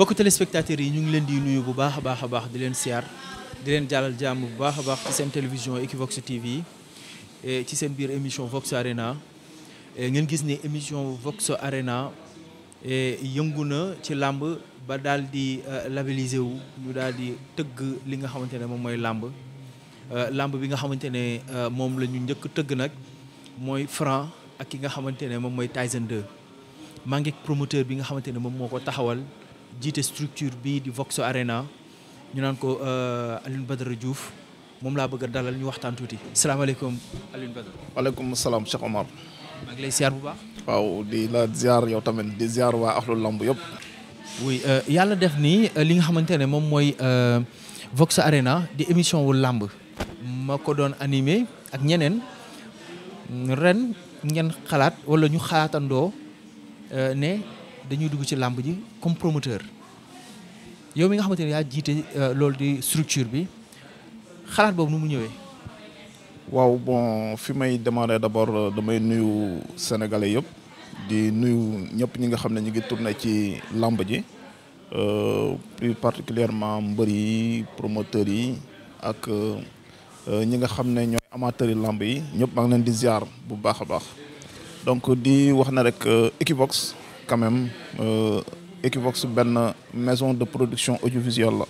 mbokku téléspectateurs yi ñu ngi leen di nuyu bu baax a baax di leen siyaar di leen jàllal jàmm bu baax a baax ci seen télévision Equivox TV eh, ci seen biir émission Vox Arena eh, ngeen gis ni émission Vox Arena eh, yëngu na ci làmb ba daal di labellisé wu ñu daal di tëgg li nga xamante ne moom mooy làmb làmb bi nga xamante ne moom la ñu njëkk tëgg nag mooy Franc ak ki nga xamante ne moom mooy Tyson 2 maa ngi promoteur bi nga xamante ne moom moo ko taxawal jiite structure bii di Vox Arena ñu naan ko euh, Alioune Badara Diouf moom laa bëgg a dalal ñu waxtaan tuuti. salaamaaleykum Alioune Badara. waaleykum salaam Cheikh Omar. maa lay ziar bu baax. waaw di la ziar yow tamit di ziar waa axlu lamb yëpp. Euh, yàlla def nii euh, li nga xamante ne moom mooy Vox Arena di émission wu lamb. ma ko doon anime ak ñeneen ren ngeen xalaat walla ñu xaatandoo ne. dañuy dugg ci làmb ji comme promoteur yow mi nga xamante ne yaa jiite euh, loolu di structure bi xalaat boobu nu mu ñëwee. waaw bon fi may démarrer d'abord euh, damay nuyu sénégalais yëpp di nuyu ñëpp ñi nga xam ne ñu ngi tourné ci làmb ji euh, plus particulièrement mbër yi promoteurs yi ak ñi nga xam ne ñooy amateurs làmb yi ñëpp maa ngi leen di ziar bu baax a baax donc di wax na rek Equivox quand même euh, Equivox benn maison de production audiovisuelle la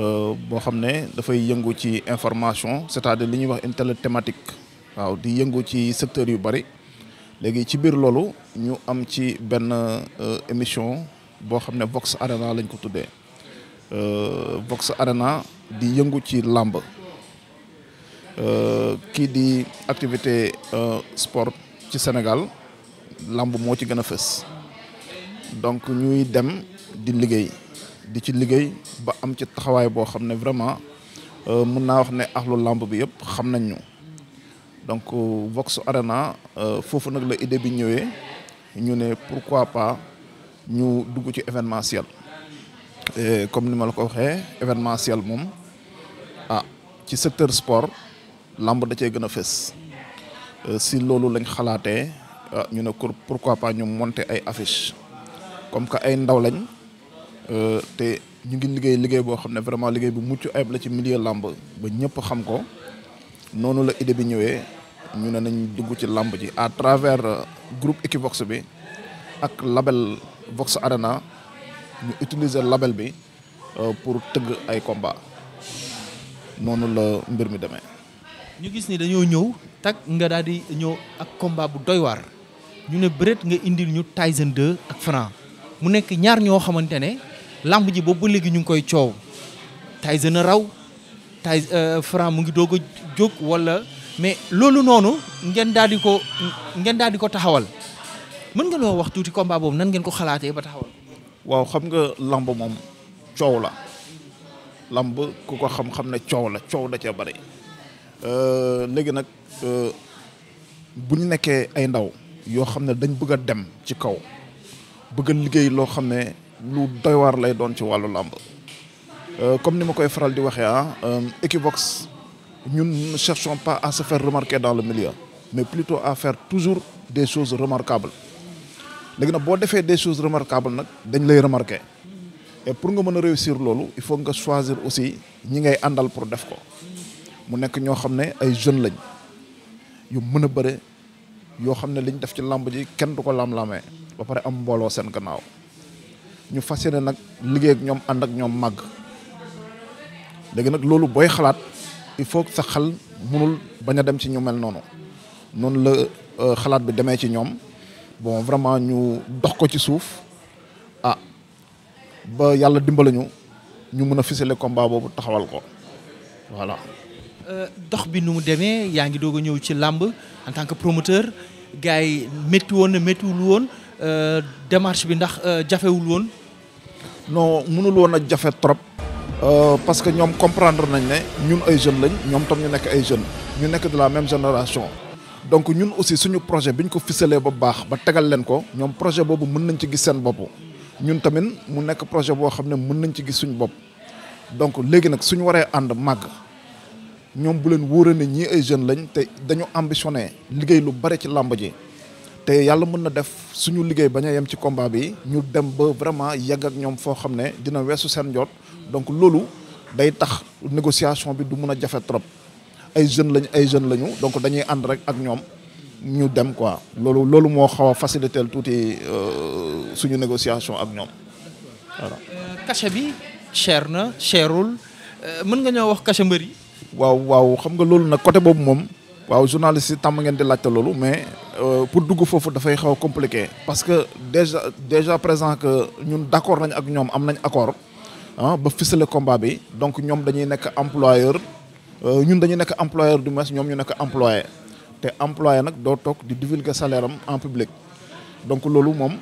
euh, boo xam ne dafay yëngu ci information cest à li ñuy wax une telle thématique waaw di yëngu ci secteur yu bari léegi ci biir loolu ñu am ci benn euh, émission boo xam ne Vox Arena lañ ko tuddee Vox Arena di yëngu ci làmb kii di activité sport ci Sénégal lamb moo ci gën a fës donc ñuy dem di liggéey di ci liggéey ba am ci taxawaay boo xam ne vraiment euh, mun naa wax ne axlu lamb bi yëpp xam nañ ñu donc Vox Arena euh, foofu nag la idée bi ñëwee ñu ne pourquoi pas ñu dugg ci événement événementiel comme ni ma la ko waxee événement événementiel moom ah ci secteur sport lamb da cee gën a fës euh, si loolu lañ xalaatee ah ñu ne pourquoi pas ñu monter ay affiche comme que ay ndaw lañ euh, te ñu ngi liggéey liggéey boo xam ne vraiment liggéey bu mucc ayib ci milieu làmb ba ñëpp xam ko noonu la idée bi ñëwee ñu ne nañ dugg ci làmb ji à travers euh, groupe Equivox bi ak label box Arena ñu utiliser label bi euh, pour tëgg ay combat noonu la mbir mi demee. ñu gis ni dañoo ñëw tag nga daal di ñëw ak combat bu doy waar. ñu ne bëreet nga indil ñu Tyson 2 ak Franc mu nekk ñaar ñoo xamante ne lamb ji boobu léegi ñu ngi koy coow Tyson a raw Ty euh, Franc mu ngi doog a jóg walla mais loolu noonu ngeen daal di ko ngeen daal di ko taxawal mën nga loo wax tuuti combat boobu nan ngeen ko xalaatee ba taxawal. waaw xam nga lamb moom coow la lamb ku ko xam-xam ne coow la coow da ca bëri euh, léegi nag euh, bu ñu nekkee ay ndaw. yoo xam ne dañ bëgg a dem ci kaw bëgg liggéey loo xam ne lu day waar lay doon ci wàllu làmb euh, comme ni ma koy faral di waxee ah euh, Equivox ñun ne cherchons pas à se faire remarquer dans le milieu mais plutôt à faire toujours des choses remarquables léegi nag boo defee des choses remarquables nag dañ lay remarquer et pour nga mën a réussir loolu il faut nga choisir aussi ñi ngay àndal pour def ko mu nekk ñoo xam ne ay jeunes lañ yu mën a bëre yoo xam ne liñ def ci làmb ji kenn du ko lam-lamee ba pare am mbooloo seen gannaaw ñu fas yéene nag liggéey ak ñoom ànd ak ñoom màgg léegi nag loolu booy xalaat il faut sa xal mënul bañ a dem ci ñu mel noonu noonu la euh, xalaat bi demee ci ñoom bon vraiment ñu dox ko ci suuf ah ba yàlla dimbali ñu ñu mën a fisale combat boobu taxawal ko voilà. Euh, dox bi nu mu demee yaa ngi doog a ñëw ci làmb en tant que promoteur gars yi métti woon na méttiwul woon euh, démarche bi ndax euh, jafewul woon. non mënul woon a jafe trop. parce que ñoom comprendre nañ ne ñun ay jeunes lañ ñoom tam ñu nekk ay jeunes ñu nekk de la même génération. donc ñun aussi suñu projet bi ñu ko ficelee ba baax ba tegal leen ko ñoom projet boobu mën nañ ci gis seen bopp ñun tamit mu nekk projet boo xam ne mën nañ ci gis suñu bopp donc léegi nag suñu waree ànd màgg. ñoom bu leen wóoree ne ñii ay jeunes lañ te dañu ambitionné liggéey lu bare ci làmb ji te yàlla mën na def suñu liggéey ba a yem ci combat bi ñu dem ba vraiment yegg ak ñoom foo xam ne dina weesu seen njoot donc loolu day tax négociation bi du mën a jafe trop ay jeunes lañ ay jeunes lañu donc dañuy ànd rek ak ñoom ñu dem quoi loolu loolu moo xaw a faciliter tuuti euh, suñu négociation ak ñoom voilà. Euh, cachet bi cher na cherul euh, mën nga ñoo wax cachet mbër yi waaw waaw xam nga loolu nag côté boobu moom waaw journaliste yi tàmm ngeen di laajte loolu mais euh, pour dugg foofu dafay xaw a compliqué parce que déjà déjà présent que ñun d'accord nañ ak ñoom am nañ accord ah ba ficeler combat bi donc ñoom dañuy nekk employeur euh, ñun dañuy nekk employeur du moins ñoom ñu nekk employé te employé nag doo toog di divulguer salaire am en public donc loolu moom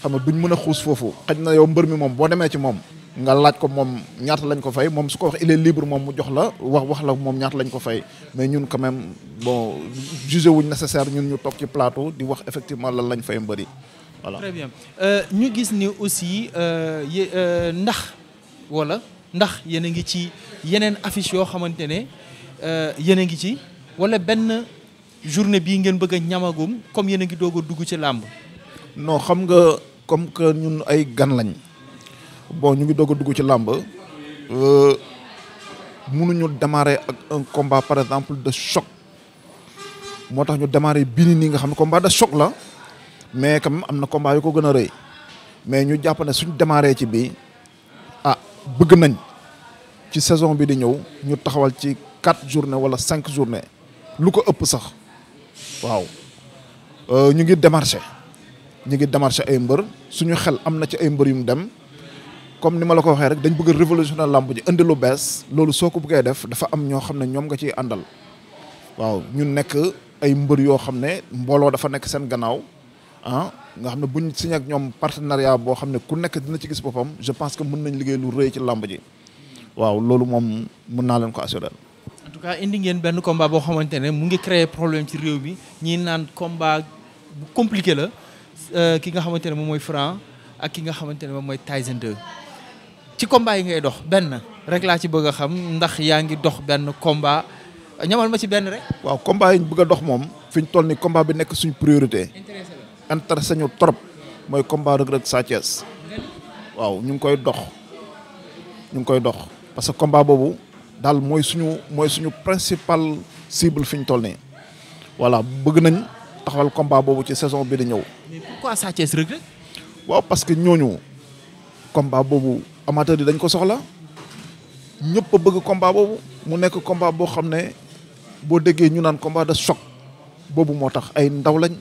xam nga duñ mën a xuus foofu xaj na yow mbër mi moom boo demee ci moom nga laaj ko moom ñaata lañ ko fay moom su ko wax il libre moom mu jox la wax wax la moom ñaata lañ ko fay mais ñun quand même bon jugé wuñ nécessaire ñun ñu toog ci plateau di wax effectivement lan lañ fay mbëri voilà. très bien euh, ñu gis ni aussi euh, euh, ndax wala ndax yéen a ngi ci yeneen affiche yoo xamante ne yéen a ngi ci wala benn journée bii ngeen bëgg ñamagum comme yéen a ngi doog a dugg ci làmb. non xam nga comme que ñun ay gan lañ. bon ñu ngi doog a dugg ci làmb euh, mënuñu démarrer ak un combat par exemple de choc moo tax ñu démarrer bii nii nga xam ne combat de choc la mais quand am na combat yu ko gën a rëy mais ñu jàpp suñ démarrer ci bi ah bëgg nañ ci saison bi di ñëw ñu taxawal ci quatre journée wala cinq journées lu ko ëpp sax waaw euh, ñu ngi démarché ñu ngi démarché ay mbër suñu xel am na ci ay mbër yu mu dem. comme ni ma la ko waxee rek dañ bëgg a révolutionner làmb ji indi lu bees loolu soo ko bëggee def dafa am ñoo xam ne ñoom nga ciy àndal waaw ñu nekk ay mbër yoo xam ne mbooloo dafa nekk seen gannaaw ah nga xam ne buñ signé ak ñoom partenariat boo xam ne ku nekk dina ci gis boppam je pense que mun nañ liggéey lu rëy ci làmb ji waaw loolu moom mun naa leen ko assurer. en tout cas indi ngeen benn komba boo xamante ne mu ngi créer problème ci réew mi ñi naan combat bu compliqué la euh, ki nga xamante ne moom mooy Franc ak ki nga xamante ne moom mooy Tyson ci combat yi ngay dox benn rek laa ci bëgg a xam ndax yaa ngi dox benn combat ñamal ma ci benn rek. waaw combat yi ñu bëgg a dox moom fi ñu toll nii combat bi nekk suñu priorité. intéressé ñu trop mooy combat Reug Reug waaw ñu ngi koy dox ñu ngi koy dox parce que combat boobu daal mooy suñu mooy suñu principal cible fi ñu toll nii voilà bëgg nañ taxawal combat boobu ci saison bi di ñëw. waaw parce que ñooñu combat boobu. amateur yi dañ ko soxla ñëpp a bëgg combat boobu mu nekk combat boo xam ne boo déggee ñu naan combat de choc boobu moo tax ay ndaw lañ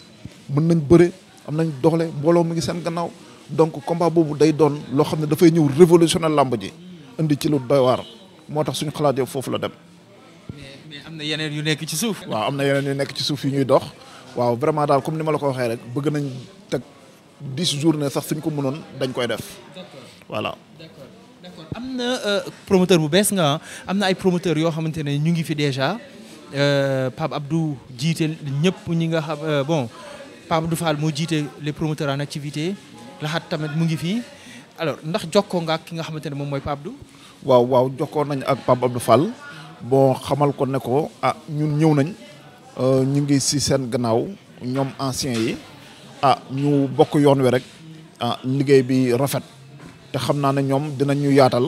mën nañ bëre am nañ doxle mbooloo mu ngi seen gannaaw donc combat boobu day doon loo xam ne dafay ñëw révolutionnaire làmb ji indi ci lu doy waar moo tax suñu xalaat yow foofu la dem. mais am na yeneen yu nekk ci suuf. waaw am na yeneen yu nekk ci suuf yu ñuy dox waaw vraiment daal comme ni ma la ko waxee rek bëgg nañ teg dix journée sax suñ ko mënoon dañ koy def. voilà. d'accord am na euh, promoteur bu bees nga am na ay promoteur yoo xamante ne ñu ngi fi déjà euh, Pape Abdou jiite ñëpp ñi nga xam euh, bon Pape du Fall moo jiite les promoteurs en activité laxaat tamit mu ngi fii alors ndax jokkoo nga ak ki nga xamante ne moom mooy Pape Abdou. waaw waaw jokkoo nañ ak Pape Abdou Fall bon xamal ko ne ko ah ñun ñëw nañ. ñu ngi si seen gannaaw ñoom anciens yi ah ñu bokk yoon wi rek ah liggéey bi rafet. te xam naa ne ñoom dinañ ñu yaatal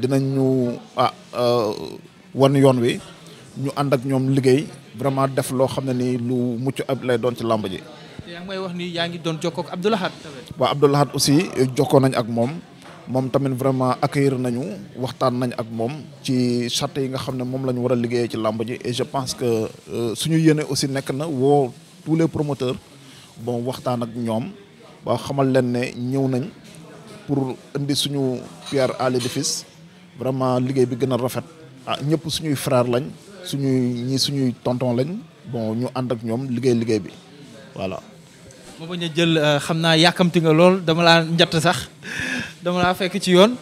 dinañ ñu ah euh, wan yoon wi ñu ànd ak ñoom liggéey vraiment def loo xam ne ni lu mucc ab lay doon ci làmb ji. yaa ngi may wax ni yaa ngi doon jokkoo ak Abdou Lahad. waaw aussi euh, jokkoo nañ ak moom moom tamit vraiment accueillir nañu waxtaan nañ ak moom ci charte yi nga xam ne moom la ñu war a liggéeyee ci làmb ji et je pense que euh, suñu yéene aussi nekk na woo tous les promoteurs bon waxtaan ak ñoom waa xamal leen ne ñëw nañ. pour indi suñu pierre à l'édifice vraiment liggéey bi gën a rafet ah ñëpp suñuy frère lañ suñuy ñi suñuy tonton lañ bon ñu ànd ak ñoom liggéey liggéey bi voilà. ma bañ a jël euh, xam naa yàkkamti nga lool dama laa njatt sax dama laa fekk ci yoon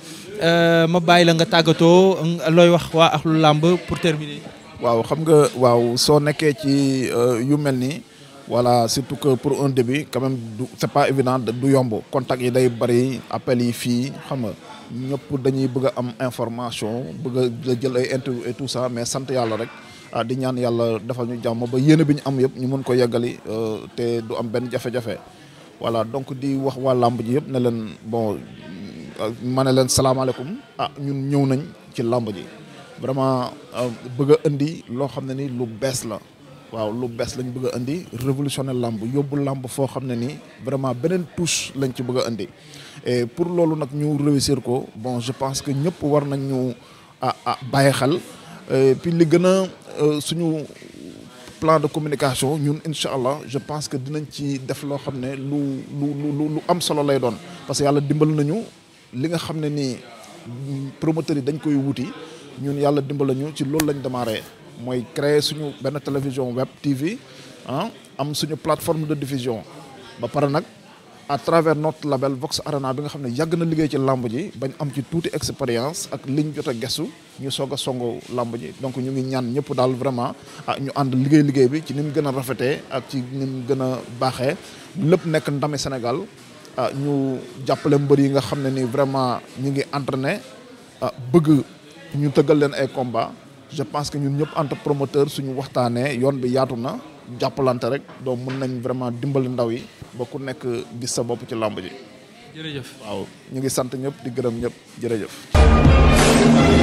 euh, ma bàyyi la nga tàggatoo looy wax waa Ahlou Lamb pour terminer. waaw xam nga waaw soo nekkee ci euh, yu mel nii. voilà surtout que pour un début quand même du c'est du yomb contact yi day bëri appels yi fii xam nga ñëpp dañuy bëgg a am information bëgg a jël ay interview et tout ça mais sant yàlla rek ah, di ñaan yàlla defal ñu jàmm ba yéene bi ñu am yëpp ñu mën ko yeggali euh, te du am benn jafe-jafe voilà donc di wax waa làmb ji yëpp ne leen bon euh, ma ne leen salaamaaleykum ah ñun ñëw nañ ci làmb ji vraiment euh, bëgg indi loo xam ne ni lu bees la waaw lu bees lañ bëgg a indi révolutionner làmb yóbbu làmb foo xam ne nii vraiment beneen touche lañ ci bëgg a indi et pour loolu nag ñu réussir ko bon je pense que ñëpp war nañ ñu ah ah bàyyi xel puis li gën a euh, suñu plan de communication ñun incha allah je pense que dinañ ci def loo xam ne lu lu lu am solo lay doon parce que yàlla dimbal nañu li nga xam ne nii mm, promoteurs yi dañ koy wuti ñun yàlla dimbal nañu ci loolu lañ démarré. mooy créer suñu benn télévision web TV ah am suñu plateforme de diffusion ba pare nag à travers notre label Vox Arena bi nga xam ne yàgg na liggéey ci làmb ji bañ am ci tuuti expérience ak liñ jot a gestu ñu soog a songo làmb ji donc ñu ngi ñaan ñëpp daal vraiment ah, ñu ànd liggéey liggéey bi ci ni mu gën a rafetee ak ci ni mu gën a baaxee lépp nekk ndami Sénégal ah, ñu jàppale mbër yi nga xam ne ni vraiment ñu ngi entraîné ah bëgg ñu tëggal leen ay combat je pense que ñun ñëpp entre suñu waxtaanee yoon bi yaatu na jàppalante rek donc mën nañ vraiment dimbali ndaw yi ba ku nekk gis sa bopp ci làmb ji waaw ñu ngi sant ñëpp di gërëm ñëpp jërëjëf